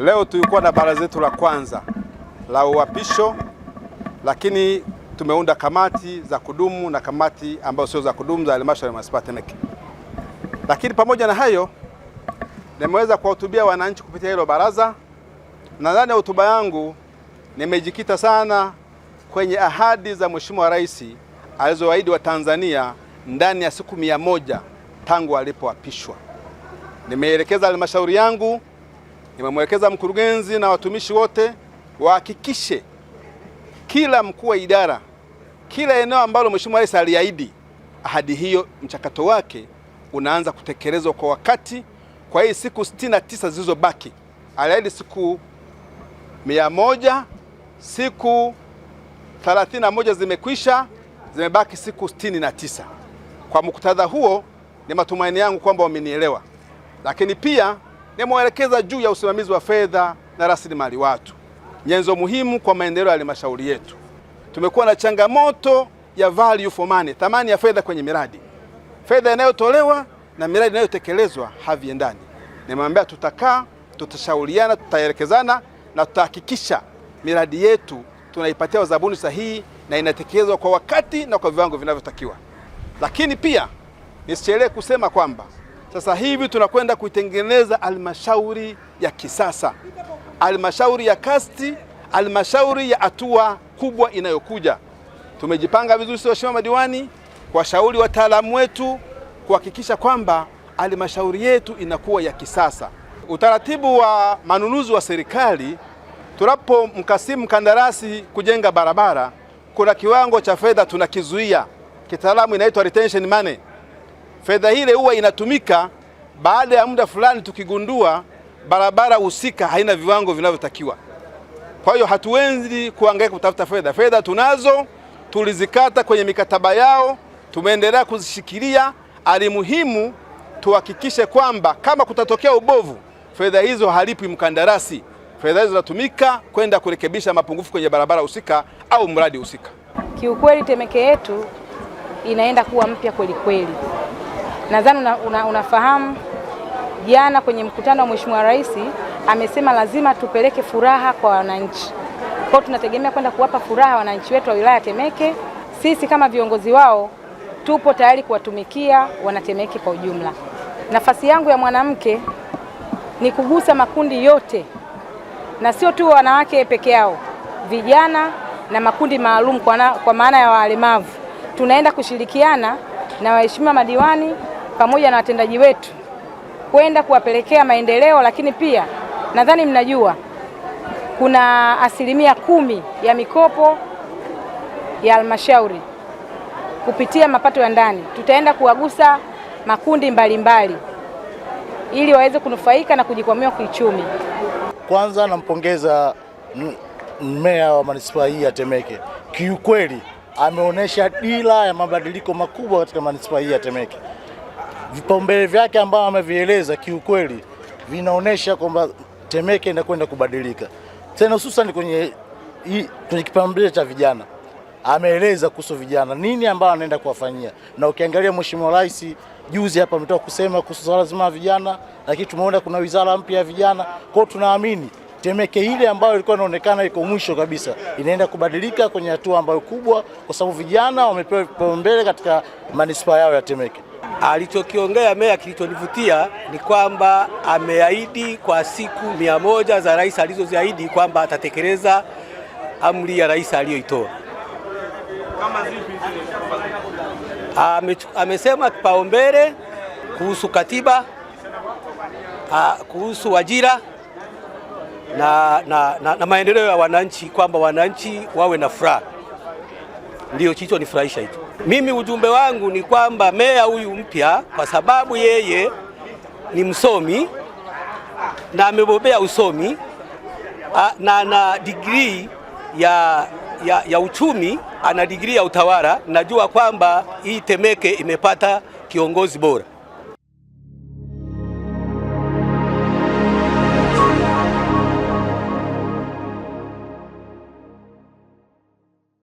Leo tulikuwa na baraza letu la kwanza la uapisho, lakini tumeunda kamati za kudumu na kamati ambazo sio za kudumu za halmashauri ya manispaa Temeke. Lakini pamoja na hayo, nimeweza kuwahutubia wananchi kupitia hilo baraza. na ya hotuba yangu nimejikita sana kwenye ahadi za Mheshimiwa Rais wa Watanzania ndani ya siku mia moja tangu alipoapishwa. Nimeelekeza halmashauri yangu nimemwelekeza mkurugenzi na watumishi wote wahakikishe kila mkuu wa idara, kila eneo ambalo Mheshimiwa Rais aliahidi ahadi hiyo, mchakato wake unaanza kutekelezwa kwa wakati. Kwa hii siku 69 zilizobaki, aliahidi siku mia moja siku 31 zimekwisha, zimebaki siku sitini na tisa. Kwa muktadha huo, ni matumaini yangu kwamba wamenielewa, lakini pia yamewelekeza juu ya usimamizi wa fedha na rasilimali watu, nyenzo muhimu kwa maendeleo ya halmashauri yetu. Tumekuwa na changamoto ya value for money, thamani ya fedha kwenye miradi. Fedha inayotolewa na miradi inayotekelezwa haviendani. Nimemwambia tutakaa, tutashauriana, tutaelekezana na tutahakikisha miradi yetu tunaipatia wazabuni sahihi na inatekelezwa kwa wakati na kwa viwango vinavyotakiwa. Lakini pia nisichelewe kusema kwamba sasa hivi tunakwenda kuitengeneza almashauri ya kisasa, almashauri ya kasti, almashauri ya hatua kubwa inayokuja. Tumejipanga vizuri sisi waheshimiwa madiwani, kuwashauri wataalamu wetu kuhakikisha kwamba halmashauri yetu inakuwa ya kisasa. Utaratibu wa manunuzi wa serikali, mkasimu mkandarasi kujenga barabara, kuna kiwango cha fedha tunakizuia, kitaalamu inaitwa retention money. Fedha ile huwa inatumika baada ya muda fulani, tukigundua barabara husika haina viwango vinavyotakiwa. Kwa hiyo hatuwezi kuhangaika kutafuta fedha. Fedha tunazo, tulizikata kwenye mikataba yao, tumeendelea kuzishikilia. Alimuhimu tuhakikishe kwamba kama kutatokea ubovu, fedha hizo halipwi mkandarasi. Fedha hizo zinatumika kwenda kurekebisha mapungufu kwenye barabara husika au mradi husika. Kiukweli Temeke yetu inaenda kuwa mpya kweli kweli. Nadhani una, una, unafahamu jana kwenye mkutano wa Mheshimiwa Rais amesema lazima tupeleke furaha kwa wananchi. Kwa hiyo tunategemea kwenda kuwapa furaha wananchi wetu wa wilaya Temeke. Sisi kama viongozi wao tupo tayari kuwatumikia wanatemeke kwa ujumla. Nafasi yangu ya mwanamke ni kugusa makundi yote na sio tu wanawake peke yao, vijana na makundi maalum kwa, kwa maana ya walemavu. Tunaenda kushirikiana na waheshimiwa madiwani pamoja na watendaji wetu kwenda kuwapelekea maendeleo, lakini pia nadhani mnajua kuna asilimia kumi ya mikopo ya halmashauri kupitia mapato ya ndani tutaenda kuwagusa makundi mbalimbali mbali, ili waweze kunufaika na kujikwamua kiuchumi. Kwanza nampongeza meya wa manispaa hii ya Temeke, kiukweli ameonyesha dira ya mabadiliko makubwa katika manispaa hii ya Temeke vipaumbele vyake ambao amevieleza kiukweli vinaonyesha kwamba Temeke inakwenda kubadilika tena, hususan kwenye kwenye kipaumbele cha vijana. Ameeleza kuhusu vijana nini ambao anaenda kuwafanyia, na ukiangalia Mheshimiwa Rais juzi hapa ametoka kusema kuhusu swala zima la vijana, lakini tumeona kuna wizara mpya ya vijana. Kwao tunaamini Temeke ile ambayo ilikuwa inaonekana iko mwisho kabisa inaenda kubadilika kwenye hatua ambayo kubwa, kwa sababu vijana wamepewa vipaumbele katika manispaa yao ya Temeke. Alichokiongea meya kilichonivutia ni kwamba ameahidi kwa siku mia moja za rais alizoziahidi kwamba atatekeleza amri ya rais aliyoitoa. Ame, amesema kipaumbele kuhusu katiba a, kuhusu ajira na, na, na, na maendeleo ya wananchi kwamba wananchi wawe na furaha ndio chicho nifurahisha hicho. Mimi ujumbe wangu ni kwamba meya huyu mpya, kwa sababu yeye ni msomi na amebobea usomi na na degree ya, ya, ya uchumi, ana digrii ya utawala. Najua kwamba hii Temeke imepata kiongozi bora.